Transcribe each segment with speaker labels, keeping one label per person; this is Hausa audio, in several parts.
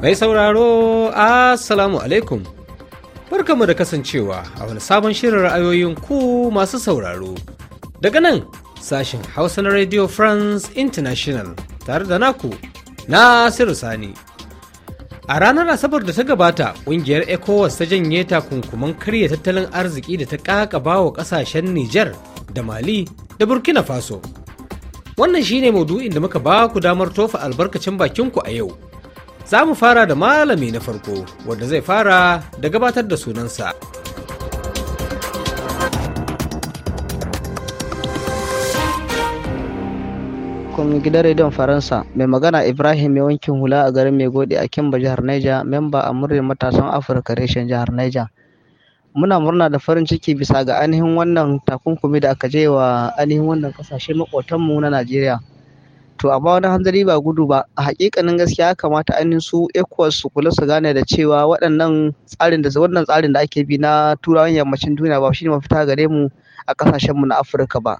Speaker 1: Mai sauraro, Assalamu alaikum. Barkamu da kasancewa a wani sabon shirin ra'ayoyin ku masu sauraro. Daga nan, sashen Hausa na Radio France International tare da naku, Nasiru Sani. A ranar Asabar da ta gabata, ƙungiyar ECOWAS ta janye takunkuman karya tattalin arziki da ta ƙaƙaba wa ƙasashen Nijar da Mali da Burkina Faso. Wannan shine maudu'in da muka ba ku damar tofa albarkacin bakinku a yau. Za mu fara da malami na farko wanda zai fara da gabatar da sunansa.
Speaker 2: hukumin gidan rediyon faransa mai magana ibrahim mai wankin hula a garin mai gode a kimba jihar naija memba a murnar matasan afirka reshen jihar naija muna murna da farin ciki bisa ga ainihin wannan takunkumi da aka je wa ainihin wannan kasashe makotanmu na najeriya to amma wani hanzari ba gudu ba a hakikanin gaskiya ya kamata ainihin su ecowas su kula su gane da cewa waɗannan tsarin da wannan tsarin da ake bi na turawan yammacin duniya ba shi ne mafita gare mu a ƙasashenmu na afirka ba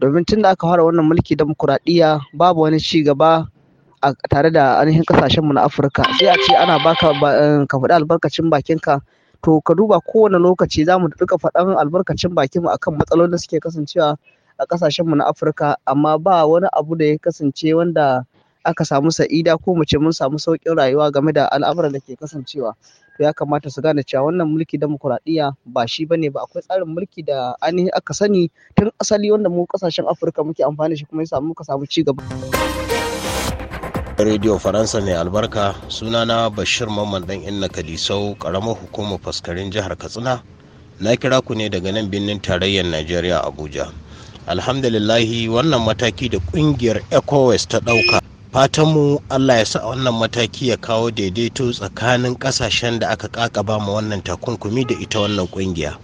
Speaker 2: domin tun da aka fara wannan mulki demokuraɗiyya babu wani ci gaba a tare da ainihin kasashen mu na afirka sai a ce ana baka eh, ka faɗi albarkacin bakinka to ka duba kowane lokaci za mu rika faɗan albarkacin bakinmu akan matsalolin da suke kasancewa a kasashen mu na Afirka amma ba wani abu da ya kasance wanda aka samu sa'ida ko mu ce mun samu sauƙin rayuwa game da al'amuran da ke kasancewa to ya kamata su gane cewa wannan mulki demokuraɗiyya ba shi ba ne ba akwai tsarin mulki da ainihin aka sani tun asali wanda mu kasashen afirka muke amfani da shi kuma ya samu muka samu ci gaba
Speaker 3: Radio Faransa ne albarka suna na Bashir Mamman dan Inna Kadisau karamar hukumar faskarin jihar Katsina na kira ku ne daga nan birnin tarayyar Najeriya Abuja alhamdulillahi wannan mataki da kungiyar ecowas ta dauka fatanmu allah ya sa wannan mataki ya kawo daidaito tsakanin kasashen da aka kakaba ma wannan takunkumi da ita wannan kungiya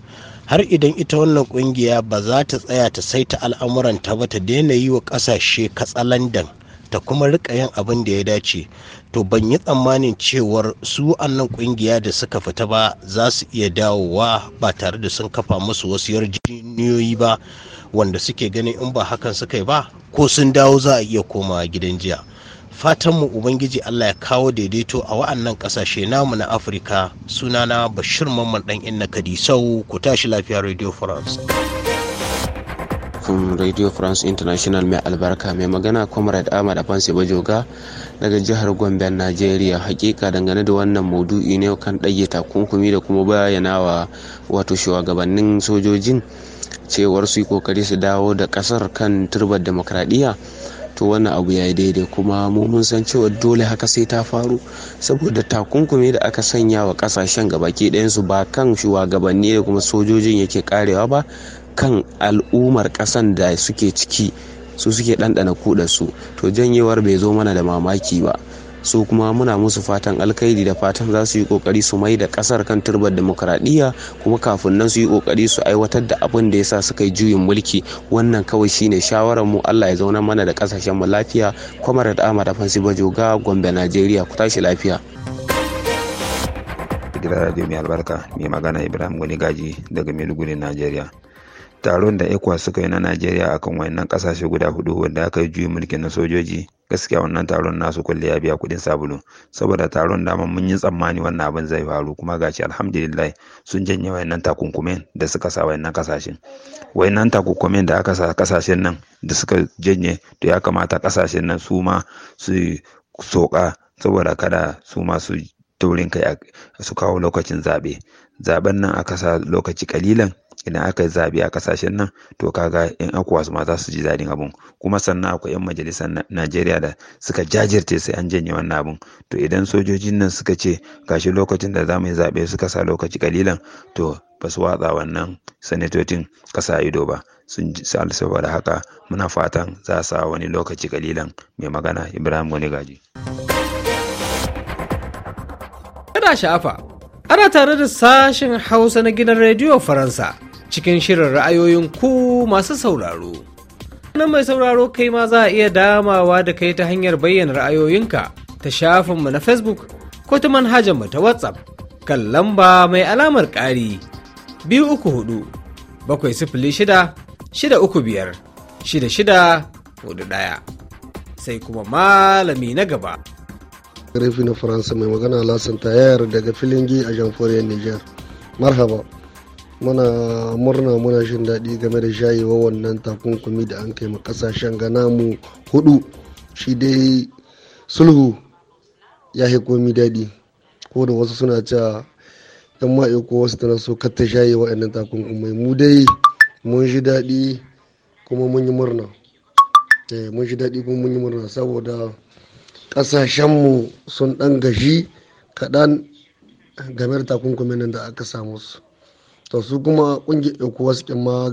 Speaker 3: har idan ita wannan kungiya ba za ta tsaya ta saita al'amuranta ba ta daina yi wa kasashe katsalandan ta kuma rika yin abin da ya dace to ban yi tsammanin cewar su annan kungiya da suka fita ba za su iya dawowa ba tare da sun kafa musu wasu yarjejeniyoyi ba wanda suke ganin in ba hakan suka yi ba ko sun dawo za a iya koma gidan jiya fatanmu ubangiji allah ya kawo daidaito a wa'annan kasashe namu na afirka sunana bashir mamman dan inna kadisau ku tashi lafiya radio france
Speaker 4: radio france international mai albarka mai magana comrade ahmad afansi bajoga daga jihar gombe najeriya hakika dangane da wannan maudu'i ne kan ɗage takunkumi da kuma bayanawa wato shugabannin sojojin cewar su yi kokari su dawo da kasar kan turbar demokradiyya to wannan abu ya yi daidai kuma mu mun san cewa dole haka sai ta faru saboda takunkumi da aka sanya wa kasashen gabaki ɗayansu ba kan shugabanni da kuma sojojin yake karewa ba kan al'ummar ƙasan da suke ciki su suke ɗanɗana kuɗa su to janyewar bai zo mana da mamaki ba su kuma muna musu fatan alkhairi da fatan za su yi kokari su mai da kasar kan turbar demokradiyya kuma kafin nan su yi kokari su aiwatar da abin da yasa suka yi juyin mulki wannan kawai shine shawarar mu Allah ya zauna mana da kasashen mu lafiya kwamar da Ahmad Afansi Bajoga Gombe Najeriya ku tashi lafiya gidan radio mai albarka mai magana Ibrahim Gani Gaji daga Maiduguri Najeriya taron da ECOWAS suka yi na Najeriya akan wayannan kasashe guda hudu wanda aka yi juyin mulki na sojoji gaskiya wannan taron nasu kulle ya biya kudin sabulu saboda taron dama mun yi tsammani wannan abin zai faru kuma gashi alhamdulillah sun janye wayannan takunkumen da suka sa wayannan kasashen wayannan takunkumen da aka sa kasashen nan da suka janye to ya kamata kasashen nan su ma su soka saboda kada su ma su taurin kai su kawo lokacin zabe-zaben nan aka sa lokaci kalilan idan aka yi zaɓe a ƙasashen nan to kaga yan akwai ma za su ji daɗin abun kuma sannan akwai yan majalisar najeriya da suka jajirce sai an janye wannan abun to idan sojojin nan suka ce gashi lokacin da za mu yi zaɓe suka sa lokaci kalilan to ba su watsa wannan sanatocin ƙasa ido ba sun da haka muna fatan za sa wani lokaci kalilan mai magana ibrahim wani gaji
Speaker 1: kada sha'afa ana tare da sashen hausa na gidan rediyo faransa cikin shirin ra'ayoyin ku masu sauraro. Nan mai sauraro kai ma za a iya damawa da kai ta hanyar bayyana ra'ayoyinka ta shafinmu na Facebook ko ta manhajar mu ta WhatsApp kan lamba mai alamar ƙari biyu uku hudu bakwai sifili shida shida uku biyar shida shida hudu ɗaya sai kuma malami na gaba.
Speaker 5: Rafi na Faransa mai magana Lasanta yayar daga filin gi a Jamforiyar Nijar. Marhaba. muna murna muna jin daɗi game da shayewa wannan takunkumi da an kai ma ƙasashen gana mu hudu shi dai sulhu ya yi komi daɗi ko da wasu suna cewa yan ma'i ko wasu tana so katta shayewa wannan takunkumi mu dai mun ji daɗi kuma mun yi murna eh, mun ji daɗi kuma mun yi murna saboda mu sun ɗan gaji kaɗan game da takunkumin nan da aka samu su to su kuma kungiyar ɗauko su ma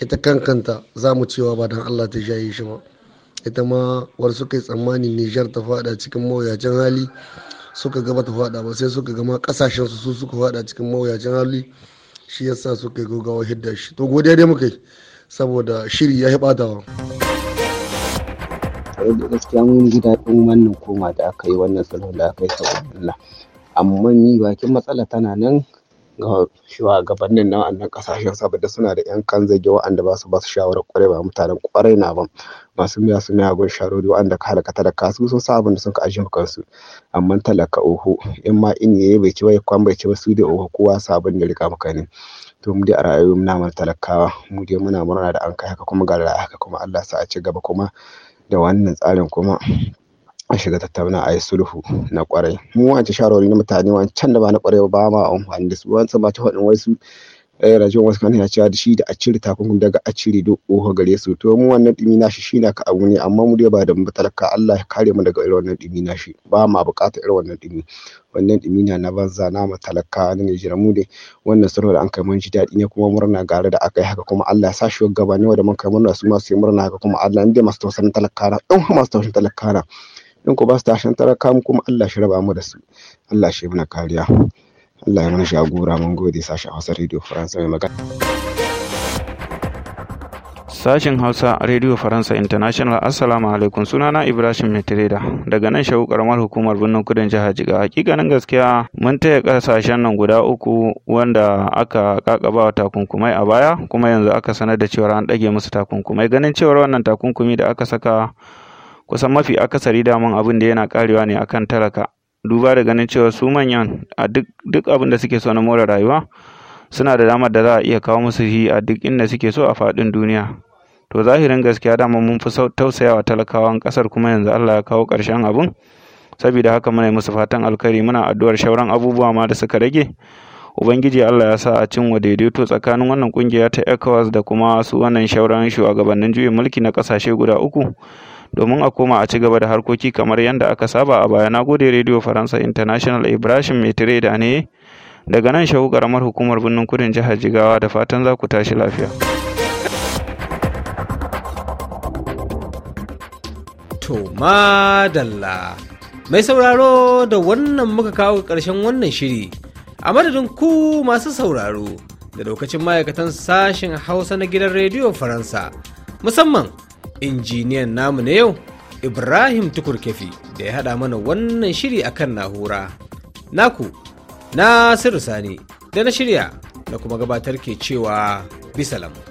Speaker 5: ita kankanta za mu cewa ba don allah ta shaye shi ba ita ma war suka yi tsammanin nijar ta fada cikin mawuyacin hali suka gaba ta fada ba sai suka gama kasashen su suka fada cikin mawuyacin hali shi yasa suka yi gogawa hidda shi to godiya dai muka yi saboda shiri ya yi batawa.
Speaker 6: da gaskiya mun ji daɗin wannan koma da aka yi wannan da aka yi saboda amma ni bakin matsala tana nan ga shugabannin na wannan kasashen saboda suna da yan kan zage wa'anda ba su ba su shawarar kwarai ba mutanen kwarai na ba masu miya su miya gun sharori wa'anda ka halaka talaka su sun sa abin da sun ka ajiyar kansu amma talaka oho in ma in yayi bai ci bai kwan bai ci ba su da oho kowa sabon da rika maka ne to mu dai a rayuwar naman talakawa mu dai muna murna da an kai haka kuma ga haka kuma Allah sa a ci gaba kuma da wannan tsarin kuma a shiga tattauna a yi sulhu na kwarai mu wace shawarwari na mutane wancan da ba na kwarai ba ma amfani da su wancan ba ta faɗin wasu eh, rajin wasu kan yana da shi da a cire takunkumi daga a cire duk oho gare su to mu wannan dimi na shi na ka abu ne amma mu dai ba da mu talaka Allah ya kare mu daga irin wannan dimi shi ba ma bukatar irin wannan dimi wannan dimi na na banza na mu talaka na Nijar mu dai wannan sarwa da an kai mun ji daɗi ne kuma murna gare da aka yi haka kuma Allah ya sa shi gaba ne da mun kai murna su ma su yi murna haka kuma Allah ya masu tausayin talaka na masu tausayin talaka na in ku ba su tashin tara, kamun kuma Allah shi raba mu da su Allah shi mana kariya Allah ya mana shagura mun gode sashen Hausa Radio France mai magana
Speaker 7: Sashen Hausa Radio Faransa International Assalamu alaikum sunana Ibrahim Mitreda daga nan shagu karamar hukumar birnin kudin jihar Jiga hakikanin gaskiya mun taya kasashen nan guda uku wanda aka kakaba takunkumai a baya kuma yanzu aka sanar da cewa an dage musu takunkumai ganin cewa wannan takunkumi da aka saka kusan mafi akasari daman abin da yana karewa ne akan talaka duba da ganin cewa su manyan a duk duk abin da suke so na more rayuwa suna da damar da za a iya kawo musu shi a duk inda suke so a faɗin duniya to zahirin gaskiya dama mun fi tausayawa talakawan ƙasar kuma yanzu Allah ya kawo ƙarshen abin? saboda haka muna musu fatan alkhairi muna addu'ar shauran abubuwa ma da suka rage ubangiji Allah ya sa a cin wa daidaito tsakanin wannan kungiya ta ECOWAS da kuma su wannan shauran shugabannin juyin mulki na ƙasashe guda uku domin a koma a ci gaba da harkoki kamar yadda aka saba a baya na gode radio faransa international ibrahim mai da ne daga nan shahu karamar hukumar birnin kudin jihar jigawa da fatan za ku tashi
Speaker 1: lafiya to madalla mai sauraro da wannan muka kawo ƙarshen wannan shiri a madadin ku masu sauraro da lokacin ma'aikatan sashen hausa na gidan rediyo faransa musamman injiniyan namu na yau ibrahim tukurkefi da ya haɗa mana wannan shiri a kan na'ura naku nasiru sani da na shirya da kuma gabatar ke cewa bisalam